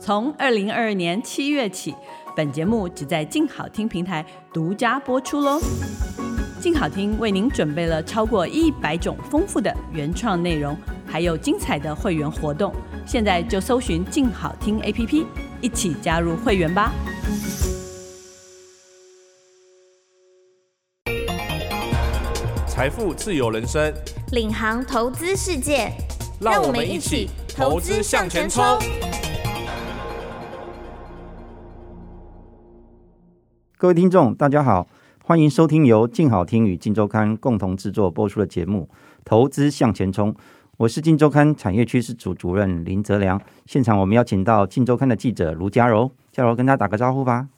從二零二二年七月起，本節目只在靜好聽平台獨家播出嘍。靜好聽為您準備了超過一百種豐富的原創內容，還有精彩的會員活動。現在就搜尋靜好聽 APP，一起加入會員吧！財富自由人生，領航投資世界，讓我們一起投資向錢衝！各位聽眾，大家好，歡迎收聽由今好聽與今周刊共同製作播出的節目《投資向錢衝》。我是今周刊產業趨勢組主，主，主任林澤良。現場我們邀請到今周刊的記者盧佳柔，佳柔跟大家打個招呼吧。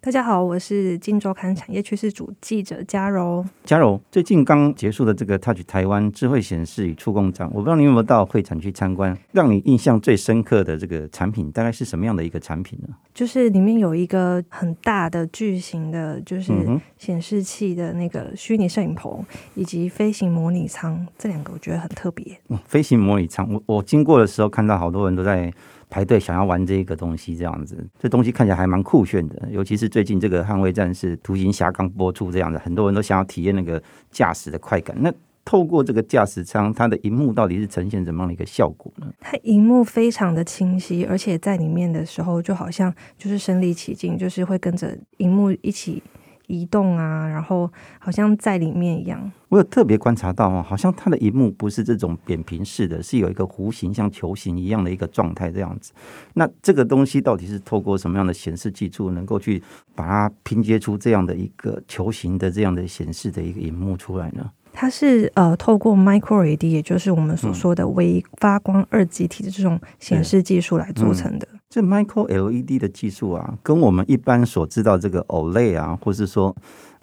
大家好，我是金周刊產業趨勢組記者嘉柔。嘉柔，最近剛結束的這個 Touch 台灣智慧顯示與觸控展，我不知道你有沒有到會場去參觀？讓你印象最深刻的這個產品，大概是什麼樣的一個產品呢？就是裡面有一個很大的巨型的，就是顯示器的那個虛擬攝影棚以及飛行模擬艙，這兩個我覺得很特別。哦，飛行模擬艙，我我經過的時候看到好多人都在排隊想要玩這個東西，這樣子，這東西看起來還蠻酷炫的。尤其是最近這個《捍衛戰士：獨行俠》剛播出，這樣子，很多人都想要體驗那個駕駛的快感。那透過這個駕駛艙，它的熒幕到底是呈現什麼樣的一個效果呢？它熒幕非常的清晰，而且在裡面的時候，就好像就是身臨其境，就是會跟着熒幕一起。移動啊，然後好像在裡面一樣。我有特別觀察到哦，好像它的熒幕不是這種扁平式的，是有一個弧形，像球形一樣的一個狀態這樣子。那這個東西到底是透過什麼樣的顯示技術能夠去把它拼接出這樣的一個球形的這樣的顯示的一個熒幕出來呢？它是呃，透過 Micro LED，也就是我們所說的微發光二極體的這種顯示技術來做成的。嗯這 Micro LED 的技術啊，跟我們一般所知道這個 OLED 啊，或是說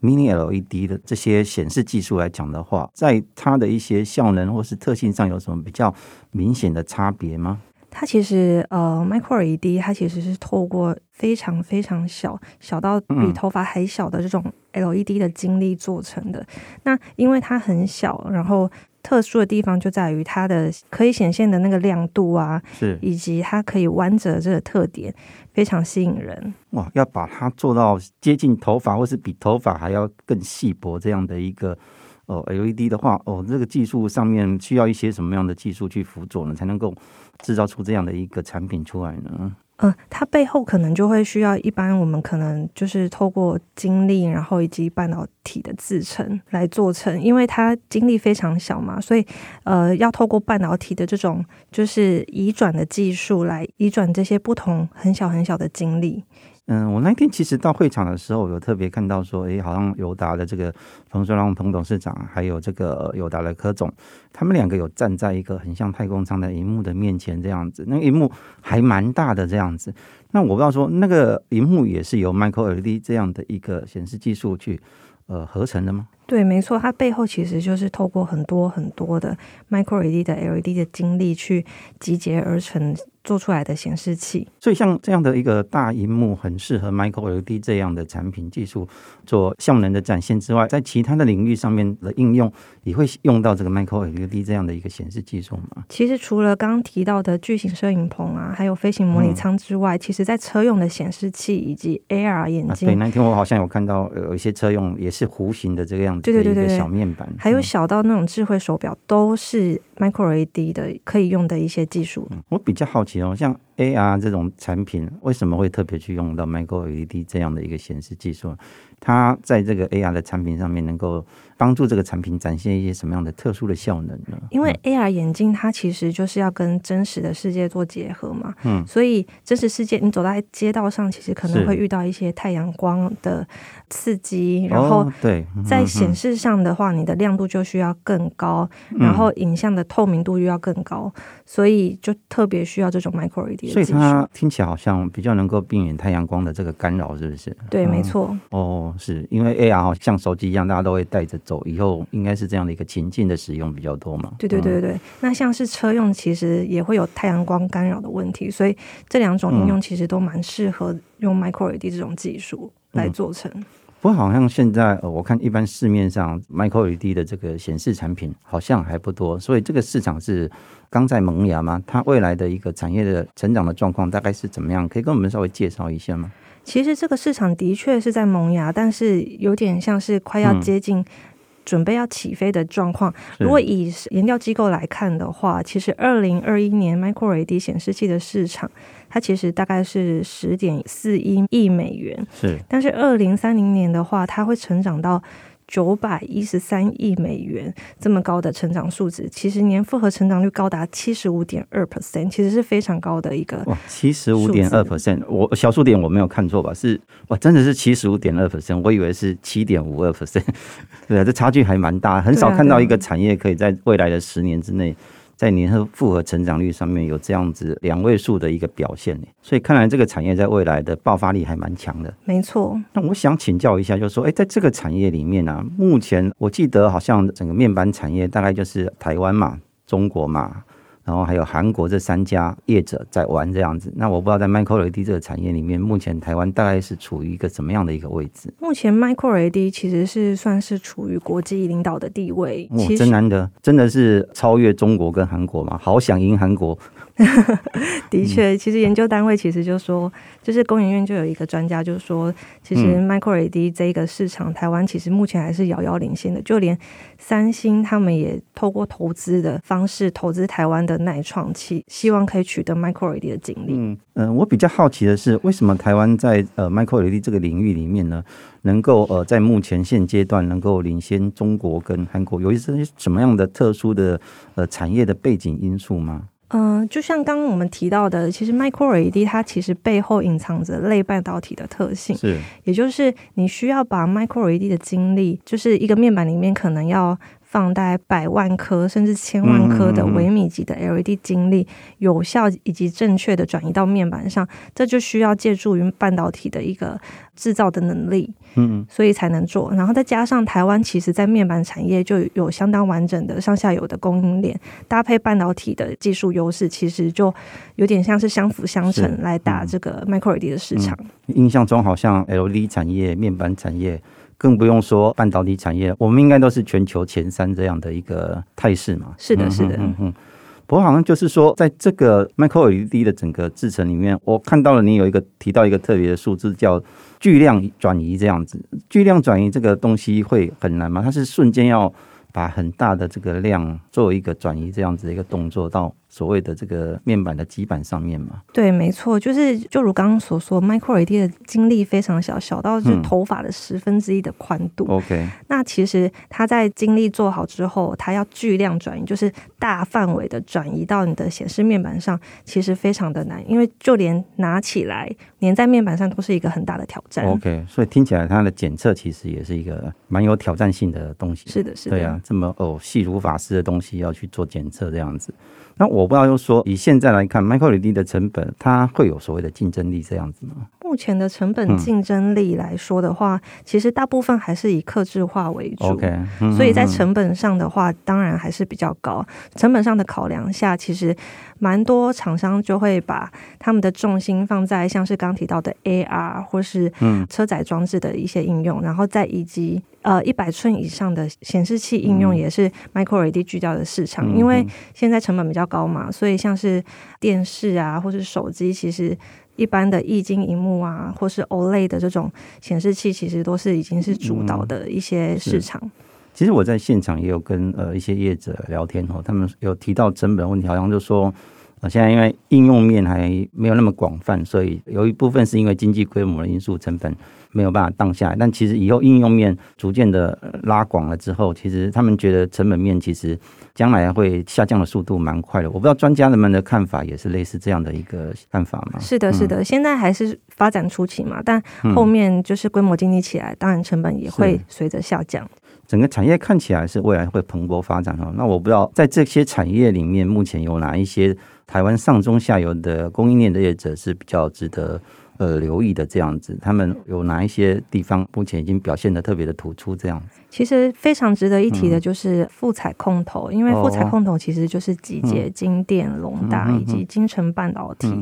Mini LED 的這些顯示技術來講的話，在它的一些效能，或是特性上，有什麼比較明顯的差別嗎？它其實，呃，Micro LED 它其實是透過非常非常小，小到比頭髮還小的這種 LED 的晶粒做成的。嗯、那因為它很小，然後特殊的地方就在於它的可以顯現的那個亮度啊，是以及它可以彎折的這個特點，非常吸引人。哇，要把它做到接近頭髮，或是比頭髮還要更細薄這樣的一個。哦，LED 的話，哦，這個技術上面需要一些什麼樣的技術去輔佐呢，才能夠製造出這樣的一個產品出來呢？嗯、呃，它背後可能就會需要一般我們可能就是透過晶粒，然後以及半導體的製程來做成，因為它晶粒非常小嘛，所以呃，要透過半導體的這種就是移轉的技術來移轉這些不同很小很小的晶粒。嗯，我那天其實到會場的時候，有特別看到說，誒，好像友達的這個彭雙浪彭董事長，還有這個友達的柯總，他們兩個有站在一個很像太空艙的熒幕的面前這樣子，那個熒幕還蠻大的這樣子。那我不知道說，那個熒幕也是由 Micro LED 這樣的一個顯示技術去，呃，合成的嗎？對，沒錯，它背後其實就是透過很多很多的 Micro LED 的 LED 的晶粒去集結而成做出來的顯示器。所以像這樣的一個大熒幕，很適合 Micro LED 這樣的產品技術做效能的展現之外，在其他的領域上面的應用，你會用到這個 Micro LED 這樣的一個顯示技術嗎？其實除了剛剛提到的巨型攝影棚啊，還有飛行模擬艙之外，嗯、其實在車用的顯示器以及 AR 眼鏡，啊、對，那天我好像有看到有一些車用也是弧形的這個樣子。對對對對，小面板還有小到那種智慧手錶，都是 micro LED 的可以用的一些技術，嗯。我比較好奇哦，像 AR 這種產品，為什麼會特別去用到 micro LED 這樣的一個顯示技術？它在這個 AR 的產品上面能夠幫助這個產品展現一些什麼樣的特殊的效能呢？因為 AR 眼鏡它其實就是要跟真實的世界做結合嘛，嗯，所以真實世界你走在街道上，其實可能會遇到一些太陽光的刺激，是然後對，在顯示上的話，你的亮度就需要更高，嗯，然後影像的透明度又要更高，所以就特別需要這種 micro LED。所以它聽起來好像比較能夠避免太陽光的這個干擾，是不是？對，嗯，沒錯。哦。是因為 AR 像手機一樣，大家都會帶着走，以後應該是這樣的一個情境的使用比較多嘛？對對對對對。嗯。那像是車用，其實也會有太陽光干擾的問題，所以這兩種應用其實都蠻適合用 Micro LED 這種技術來做成。嗯。不過好像現在我看一般市面上 Micro LED 的這個顯示產品好像還不多，所以這個市場是剛在萌芽嗎？它未來的一個產業的成長的狀況大概是怎麼樣？可以跟我們稍微介紹一下嗎？其實這個市場的確是在萌芽，但是有點像是快要接近、準備要起飛的狀況。嗯、如果以研究機構來看的話，其實二零二一年 Micro LED 顯示器的市場，它其實大概是十點四一億美元。是，但是二零三零年的話，它會成長到。九百一十三億美元，這麼高的成長數值，其實年複合成長率高達七十五點二 percent，其實是非常高的一個。哇，七十五點二 percent，我小數點我沒有看錯吧？是，哇，真的是七十五點二 percent，我以為是七點五二 percent，對啊，這差距還蠻大，很少看到一個產業可以在未來的十年之內、啊。在年化複合成長率上面有這樣子兩位數的一個表現，所以看來這個產業在未來的爆發力還蠻強的。沒錯，那我想請教一下，就是說，哎，在這個產業裡面呢、啊，目前我記得好像整個面板產業大概就是台灣嘛，中國嘛。然後還有韓國這三家業者在玩這樣子，那我不知道在 Micro LED 這個產業裡面，目前台灣大概是處於一個什麼樣的一個位置？目前 Micro LED 其實是算是處於國際領導的地位。哇、哦，真難得，真的是超越中國跟韓國嗎？好想贏韓國。 的確確，嗯、其實研究單位其實就說，就是工研院就有一個專家就是說，其實 Micro LED 這個市場，嗯、台灣其實目前還是遙遙領先的。就連三星他們也透過投資的方式投資台灣的錼創，希望可以取得 Micro LED 的晶粒。嗯、呃、我比較好奇的是，為什麼台灣在呃 Micro LED 這個領域裡面呢，能夠呃在目前現階段能夠領先中國跟韓國？有一些什麼樣的特殊的呃產業的背景因素嗎？嗯、呃，就像剛剛我們提到的，其實 Micro LED 它其實背後隱藏着類半導體的特性，是也就是你需要把 Micro LED 的晶粒，就是一個面板裡面可能要，放大百萬顆甚至千萬顆的微米級的 LED 晶粒，嗯嗯嗯，有效以及正確的轉移到面板上，這就需要借助於半導體的一個製造的能力，嗯、嗯，所以才能做。然後再加上台灣其實在面板產業就有相當完整的上下游的供應鏈，搭配半導體的技術優勢，其實就有點像是相輔相成來打這個 micro LED 的市場。嗯嗯，印象中好像 LED 產業、面板產業。更不用說半導體產業，我們應該都是全球前三這樣的一個態勢嘛？是的，是的，是的。嗯哼，不過好像就是說，在這個 Micro LED 的整個製程裡面，我看到了你有一個提到一個特別的數字，叫巨量轉移。這樣子，巨量轉移這個東西會很難嗎？它是瞬間要把很大的這個量做一個轉移，這樣子的一個動作到，所謂的這個面板的基板上面嘛，對，沒錯，就是就如剛剛所說，Micro LED 的晶粒非常小，小到就是頭髮的十分之一的寬度。OK，、嗯、那其實它在晶粒做好之後，它要巨量轉移，就是大範圍的轉移到你的顯示面板上，其實非常的難，因為就連拿起來粘在面板上都是一個很大的挑戰。OK，所以聽起來它的檢測其實也是一個蠻有挑戰性的東西。是的，是的，是的，對啊，這麼哦細如髮絲的東西要去做檢測，這樣子，那我。我不知道，又說以現在來看 Micro LED 的成本，它會有所謂的競爭力這樣子嗎？目前的成本競爭力來說的話，嗯、其實大部分還是以客製化為主，okay, 嗯嗯所以，在成本上的話，當然還是比較高。成本上的考量下，其實蠻多廠商就會把他們的重心放在像是剛提到的 AR，或是嗯車載裝置的一些應用，然後再以及。呃，一百吋以上的顯示器應用也是 Micro LED 聚焦的市場，嗯嗯、因為現在成本比較高嘛，所以像是電視啊，或是手機，其實一般的液晶螢幕啊，或是 OLED 的這種顯示器，其實都是已經是主導的一些市場。嗯、其實我在現場也有跟呃一些業者聊天哦，他們有提到成本問題，好像就說。我現在因為應用面還沒有那麼廣泛，所以有一部分是因為經濟規模的因素，成本沒有辦法降下來。但其實以後應用面逐漸的拉廣了之後，其實他們覺得成本面其實將來會下降的速度蠻快的。我不知道專家人們的看法也是類似這樣的一個看法嗎？是的，是的，是的、嗯，現在還是發展初期嘛，但後面就是規模經濟起來，當然成本也會隨着下降。整個產業看起來是未來會蓬勃發展哦。那我不知道在這些產業裡面，目前有哪一些？台灣上中下游的供應鏈的業者是比較值得，呃，留意的這樣子，他們有哪一些地方目前已經表現的特別的突出？這樣其實非常值得一提的就是富采控投，嗯、因為富采控投其實就是集結晶電、隆達以及晶成半導體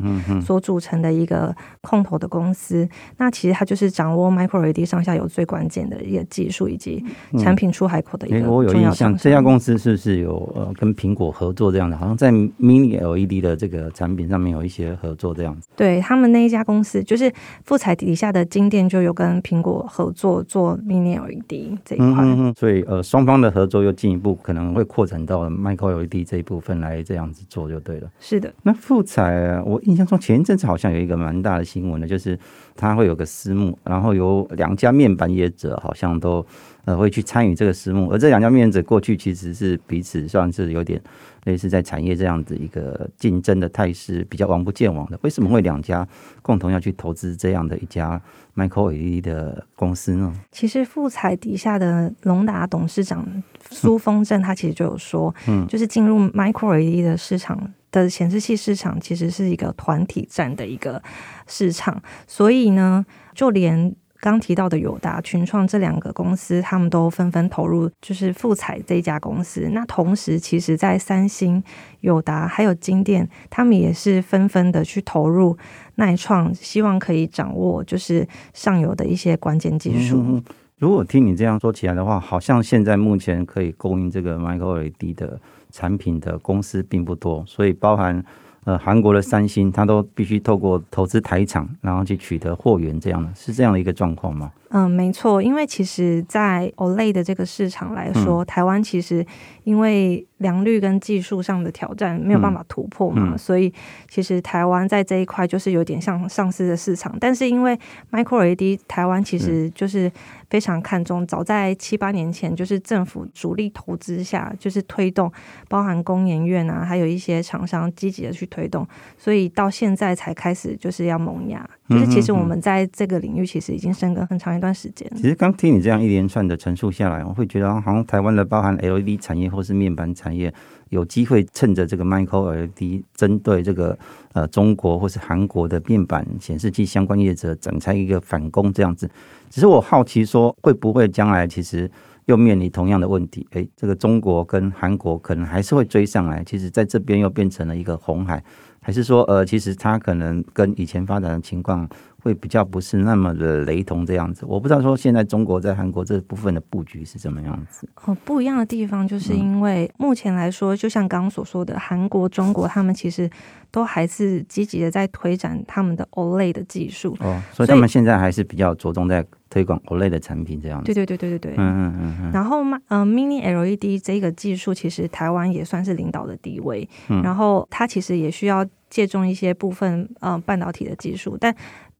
所組成的一個控投的公司。嗯嗯嗯嗯，那其實它就是掌握 Micro LED 上下游最關鍵的一個技術以及產品出海口的一個、嗯欸。我有印象，像這家公司是不是有呃跟蘋果合作這樣的？好像在 Mini LED 的這個產品上面有一些合作這樣，對他們那一家公司就。就是富彩底下的晶電就有跟蘋果合作做 Mini LED 這一塊，嗯，所以呃雙方的合作又進一步，可能會擴展到 Micro LED 這一部分來這樣子做就對了。是的，那富彩、啊、我印象中前一陣子好像有一個蠻大的新聞呢，就是它會有個私募，然後有兩家面板業者好像都。呃，會去參與這個私募，而這兩家面子過去其實是彼此算是有點類似在產業這樣子一個競爭的態勢，比較王不見王的。為什麼會兩家共同要去投資這樣的一家 Micro LED 的公司呢？其實富采底下的隆達董事長蘇峰正，他其實就有說，嗯，就是進入 Micro LED 的市場的顯示器市場其實是一個團體戰的一個市場，所以呢，就連。剛提到的友達、群創這兩個公司，他們都紛紛投入，就是富采這一家公司。那同時，其實，在三星、友達還有晶電，他們也是紛紛的去投入錼創，希望可以掌握就是上游的一些關鍵技術。嗯，如果聽你這樣說起來的話，好像現在目前可以供應這個 micro LED 的產品的公司並不多，所以包含。呃，韓國的三星，他都必須透過投資台廠，然後去取得貨源，這樣的，是這樣的一個狀況嗎？嗯，沒錯，因為其實，在 OLED 的這個市場來說，嗯、台灣其實因為良率跟技術上的挑戰沒有辦法突破嘛，嗯嗯、所以其實台灣在這一塊就是有點像上市的市場，但是因為 Micro LED 台灣其實就是。非常看重，早在七八年前，就是政府主力投資下，就是推動，包含工研院啊，還有一些廠商積極的去推動，所以到現在才開始就是要萌芽，就是其實我們在這個領域其實已經生根很長一段時間了、嗯嗯。其實剛聽你這樣一連串的陳述下來，我會覺得好像台灣的包含 LED 產業或是面板產業。有機會趁着這個 Micro LED 針對這個呃中國或是韓國的面板顯示器相關業者展開一個反攻這樣子，只是我好奇說會不會將來其實又面臨同樣的問題？哎，這個中國跟韓國可能還是會追上來，其實在這邊又變成了一個紅海。還是說，呃，其實它可能跟以前發展的情況會比較不是那麼的雷同這樣子。我不知道說現在中國在韓國這部分的布局是怎麼樣子。哦，不一樣的地方就是因為目前來說，就像剛剛所說的，韓國、中國他們其實都還是積極的在推展他們的 OLED 的技術。哦，所以他們現在還是比較着重在。推廣國內的產品，這樣對對對對對對，嗯嗯嗯。然後嗯、呃，mini LED 這個技術其實台灣也算是領導的地位，嗯、然後它其實也需要借重一些部分，嗯、呃，半導體的技術。但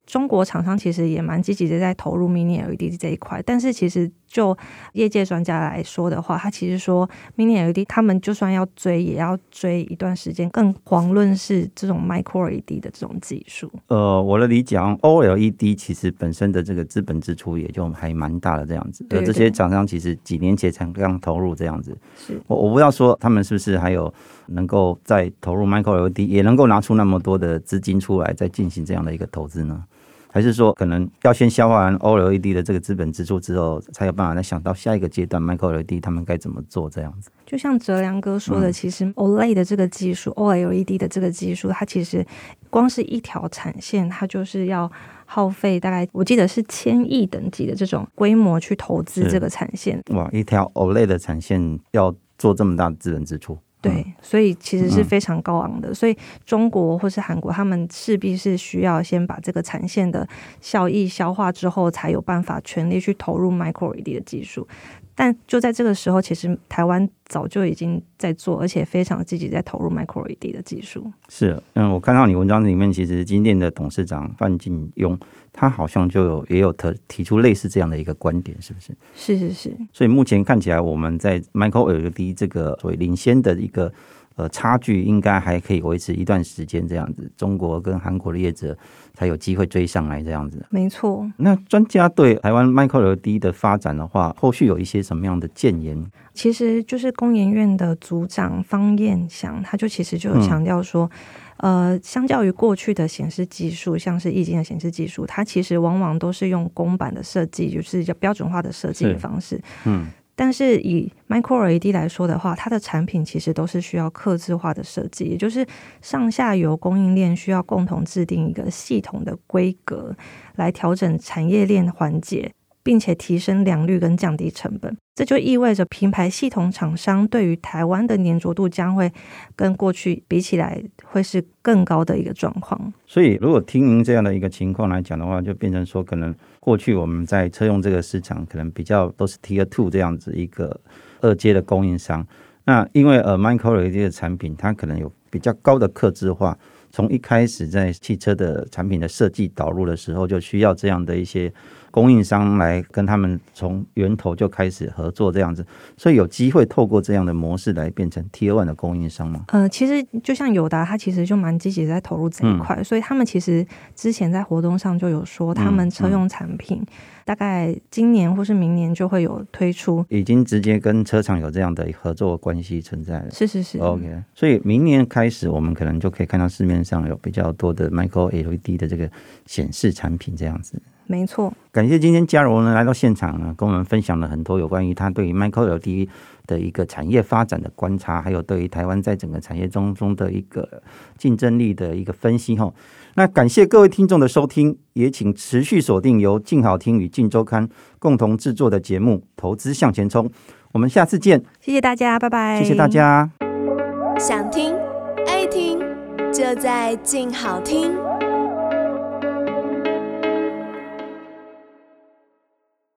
中國廠商其實也蠻積極的在投入 mini LED 這一塊，但是其實。就業界專家來說的話，他其實說 Mini LED，他們就算要追，也要追一段時間。更遑論是這種 Micro LED 的這種技術。呃，我的理解，OLED 其實本身的這個資本支出也就還蠻大的，這樣子。對。這些廠商其實幾年前才剛投入，這樣子。是。我我不知道說他們是不是還有能夠再投入 Micro LED，也能夠拿出那麼多的資金出來再進行這樣的一個投資呢？還是說，可能要先消化完 OLED 的這個資本支出之後，才有辦法再想到下一個階段 Micro LED 他們該怎麼做這樣子？就像哲良哥說的，其實 OLED 的、嗯、OLED 的這個技術，OLED 的這個技術，它其實光是一條產線，它就是要耗費大概，我記得是千億等級的這種規模去投資這個產線。哇，一條 OLED 的產線要做這麼大的資本支出。對，所以其實是非常高昂的，嗯、所以中國或是韓國，他們勢必是需要先把這個產線的效益消化之後，才有辦法全力去投入 Micro LED 的技術。但就在這個時候，其實台灣早就已經在做，而且非常積極在投入 micro LED 的技術。是，嗯，我看到你文章裡面，其實晶電的董事長范進庸，他好像就有也有提提出類似這樣的一個觀點，是不是？是是是。所以目前看起來，我們在 micro LED 這個所謂領先的一個。呃，差距應該還可以維持一段時間，這樣子，中國跟韓國的業者才有機會追上來，這樣子。沒錯。那專家對台灣 Micro LED 的發展的話，後續有一些什麼樣的建言？其實就是工研院的組長方彥祥，他就其實就強調說，嗯、呃，相較於過去的顯示技術，像是液晶的顯示技術，它其實往往都是用公版的設計，就是叫標準化的設計方式。嗯。但是以 Micro LED 來說的話，它的產品其實都是需要客製化的設計，也就是上下游供應鏈需要共同制定一個系統的規格，來調整產業鏈的環節。並且提升良率跟降低成本，這就意味着品牌系統廠商對於台灣的粘着度將會跟過去比起來會是更高的一個狀況。所以，如果聽您這樣的一個情況來講的話，就變成說，可能過去我們在車用這個市場，可能比較都是 Tier Two 這樣子一個二階的供應商。那因為呃，Micro 這產品，它可能有比較高的客製化，從一開始在汽車的產品的設計導入的時候，就需要這樣的一些。供應商來跟他們從源頭就開始合作這樣子，所以有機會透過這樣的模式來變成 Tier 1的供應商嗎？嗯、呃，其實就像友達、啊，他其實就蠻積極在投入這一塊，嗯、所以他們其實之前在活動上就有說，他們車用產品大概今年或是明年就會有推出，嗯嗯、已經直接跟車廠有這樣的合作關係存在了。是是是，OK。所以明年開始，我們可能就可以看到市面上有比較多的 Micro LED 的這個顯示產品這樣子。沒錯，感謝今天嘉柔呢來到現場呢，跟我們分享了很多有關於他對於 Micro LED 的一個產業發展的觀察，還有對於台灣在整個產業中中的一個競爭力的一個分析哈。那感謝各位聽眾的收聽，也請持續鎖定由靜好聽與靜週刊共同制作的節目《投資向錢衝》，我們下次見，謝謝大家，拜拜，謝謝大家，想聽愛聽就在靜好聽。